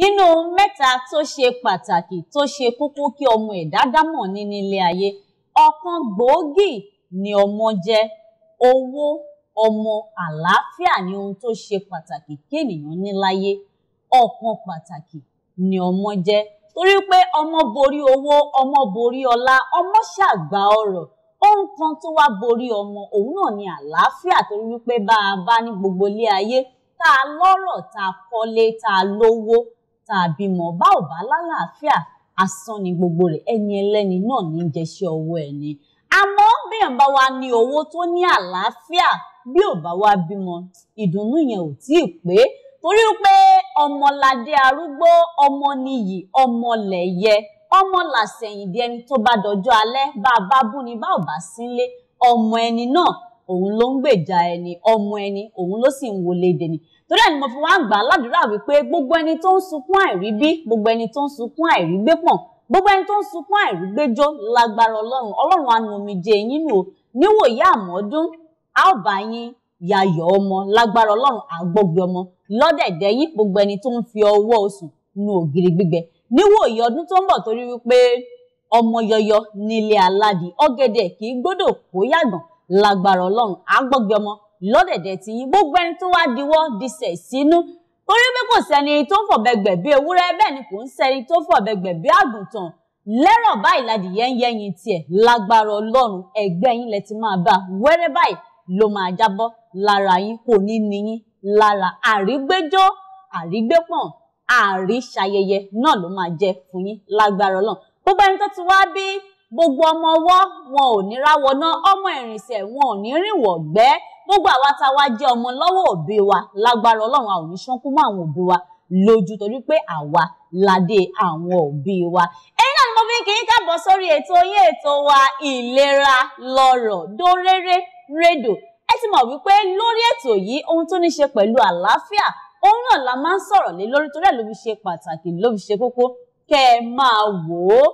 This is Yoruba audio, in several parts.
nínú mẹ́ta tó ṣe pàtàkì tó ṣe kókó kí ọmọ ẹ̀dá dámọ̀ ní nílé ayé ọ̀kan gbòógì ni ọmọ jẹ́ owó ọmọ àlàáfíà ni ohun tó ṣe pàtàkì kí ènìyàn ní láyé ọ̀kan pàtàkì ni ọmọ jẹ́ torí pé ọmọ borí owó ọmọ borí ọlá ọmọ ṣàgbà ọrọ̀ ohun kan tó wá borí ọmọ òun náà ni àlàáfíà torí wípé bá a bá ní gbogbo ilé ayé tá lọ́rọ̀ tá kọ́lé tá lówó tá a bímọ bá ò bá lálàáfíà asán ni gbogbo rẹ̀ ẹni ẹlẹ́ni náà ní í jẹṣẹ́ ọwọ́ ẹni àmọ́ bẹ́ẹ̀ bá wa ní owó tó ní àlàáfíà bí ò bá wa bímọ ìdùnnú yẹn ò tí ì pé torí pé ọmọládé arúgbó ọmọ nìyí ọmọ lẹ̀yẹ ọmọ làṣẹ̀yìndí ẹni tó bá dọjọ́ alẹ́ bá a bá bú ni bá ò bá sílé ọmọ ẹni náà òun ló ń gbèjà ẹni ọmọ ẹni òun ló sì ń wọlé dẹni torí ẹni mo fi wá gbà á ládùúrà wípé gbogbo ẹni tó ń sunkún àìrí bí gbogbo ẹni tó ń sunkún àìrí gbé pọ̀n gbogbo ẹni tó ń sunkún àìrí gbéjọ́ lágbára ọlọ́run ọlọ́run anumijẹ yín nù o níwòye àmọ́dún a ó bá yín yayọ̀ ọmọ lágbára ọlọ́run àgbọ̀gbẹ ọmọ lọ́dẹ̀dẹ̀ yín gbogbo ẹni tó ń fi ọwọ́ oṣù nu ògiri gbígbẹ níwòye ọdún tó ń bọ̀ torí wípé ọmọ yọyọ nílé aládìí ọ̀gẹ̀dẹ̀ kì í gbọ́dọ̀ kó yàgbọ̀n lágbára ọlọ́run á gbọ́gbẹ́ ọmọ lọ́dẹ̀dẹ̀ tí yín gbogbo ẹni tó wá diwọ́ disẹ̀ sínú torí pé kò sẹ́ni tó ń fọ̀bẹ̀gbẹ̀ bí ewúrẹ́ bẹ́ẹ̀ ni kò ń sẹ́ni tó ń fọ̀bẹ̀gbẹ̀ bí àgùntàn lẹ́rọ̀ báyìí ládìyẹ ń yẹ́yin tiẹ̀ lágbára ọlọ́run ẹgbẹ́ yín lẹ ti máa bá wẹ́rẹ́ báyìí ló máa jábọ́ lára yín kò ní níyín lára àrígbéjọ́ àrígbépọ̀n àríṣayẹyẹ náà ló máa jẹ fún yín lágbára ọlọ́run gbogbo ẹni tó ti wá bí gbogbo ọmọ ọwọ́ wọn ò ní ráwọná ọmọ ìrìnsẹ̀ wọn ò ní rìnwọ̀ gbẹ́ gbogbo àwa tá a wá jẹ́ ọmọ lọ́wọ́ òbí wa lágbára ọlọ́run a ò ní ṣánkú mọ́ àwọn òbí wa lójú torí pé àwa ládé àwọn òbí wa. ẹ̀yin náà ni mo fi kì í káàbọ̀ sórí ètò yín ètò wa ìlera lọ́rọ̀ dóréré rédò ẹ ti mọ̀ wípé lórí ètò yìí ohun tó ní ṣe pẹ̀lú àlàáfíà òun náà la máa ń sọ̀rọ̀ lé lórí torí ẹ̀ ló fi ṣe pàtàkì ló fi ṣe kókó kẹ́ ẹ máa wò ó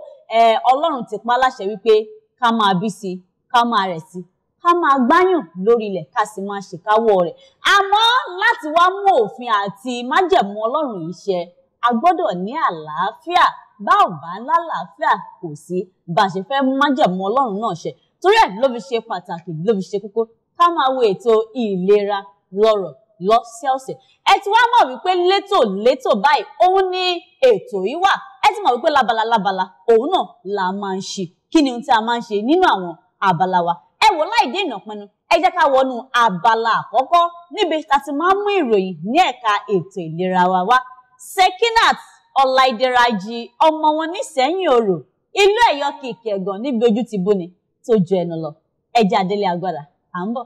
ọlọ́run ti pa láṣẹ wípé ká máa bí sí ká máa rẹ̀ sí ká máa gbáyàn lórí ilẹ̀ ká sì máa ṣèkáwọ́ rẹ̀ àmọ́ láti wá mú òfin àti májẹ̀mú ọlọ́run yìí ṣẹ a gbọ́dọ̀ ní àlàáfíà bá ò bá ńlá làáfíà kò sí bá a ṣe fẹ́ májẹ̀mú ọlọ́run náà ṣẹ torí ẹ̀ ló fi ṣe pàtàkì ló fi ṣe kókó ká máa wo ètò ìlera lọ́rọ̀ lọ́sẹ̀ọ̀sẹ̀ ẹ ti wá mọ̀ wípé létòlétò báyìí òun ni ètò yìí wà ẹ ti mọ̀ wípé labala labala òun náà la máa ń ṣe kí ni ohun tí a máa ń ṣe nínú àwọn abala wa ẹ wò láì dé ìnàpinnu ẹ jẹ́ ká wọnú abala àkọ́kọ́ níbi tá a ti máa ń mú ìròyìn ní ẹ̀ka ètò ìlera wa wá Sekinat Ọláìdẹrajì ọmọ wọn nísẹ̀yìn orò ìlú Ẹ̀yọ́ kìkẹgàn níbi ojú ti bóni tó ju ẹnu lọ ẹjẹ adélé agbára à ń bọ̀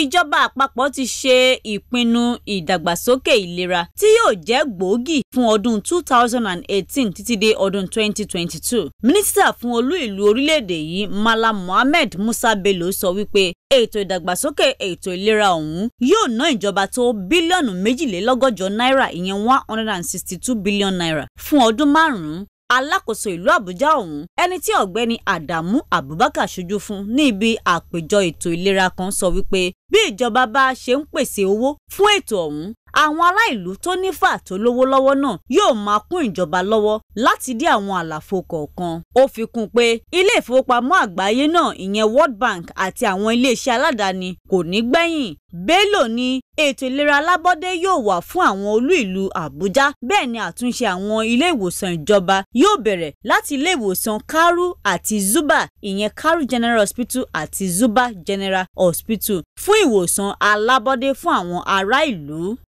ìjọba àpapọ̀ ti ṣe ìpinnu ìdàgbàsókè ìlera tí yóò jẹ́ gbòógì fún ọdún 2018 títí dé ọdún 2022. Mínísítà fún olú ìlú orílẹ̀-èdè yìí Malam Mohammed Musa Bello sọ wípé ètò ìdàgbàsókè ètò ìlera ọ̀hún yóò ná ìjọba tó bílíọ̀nù méjìlélọ́gọ́jọ náírà ìyẹn one hundred and sixty two billion naira fún ọdún márùn-ún alákòóso ìlú Àbújá ọ̀hún ẹni tí ọ̀gbẹ́ni Àdàmú Abubakar ṣojú fún ní ibi àpéjọ ètò ìlera kan sọ wípé bí ìjọba bá ṣe ń pèsè owó fún ètò ọ̀hún àwọn ará ìlú tó nífà tó lówó lọ́wọ́ náà yóò máa kún ìjọba lọ́wọ́ láti dí àwọn àlàfo kọ̀ọ̀kan. ó fi kún pé ilé ìfowópamọ́ àgbáyé náà ìyẹn World Bank àti àwọn iléeṣẹ́ aládàáni kò ní gbẹ̀yìn Bello ní ètò ìlera alábọ́dé yóò wà fún àwọn olú ìlú Àbújá bẹ́ẹ̀ ni àtúnṣe àwọn ilé ìwòsàn ìjọba yóò bẹ̀rẹ̀ láti ilé ìwòsàn Karu àti Zuba ìyẹn Karu General Hospital àti Zuba General Hospital fún ìwòsàn alábọ́dé fún àwọn ará ìlú.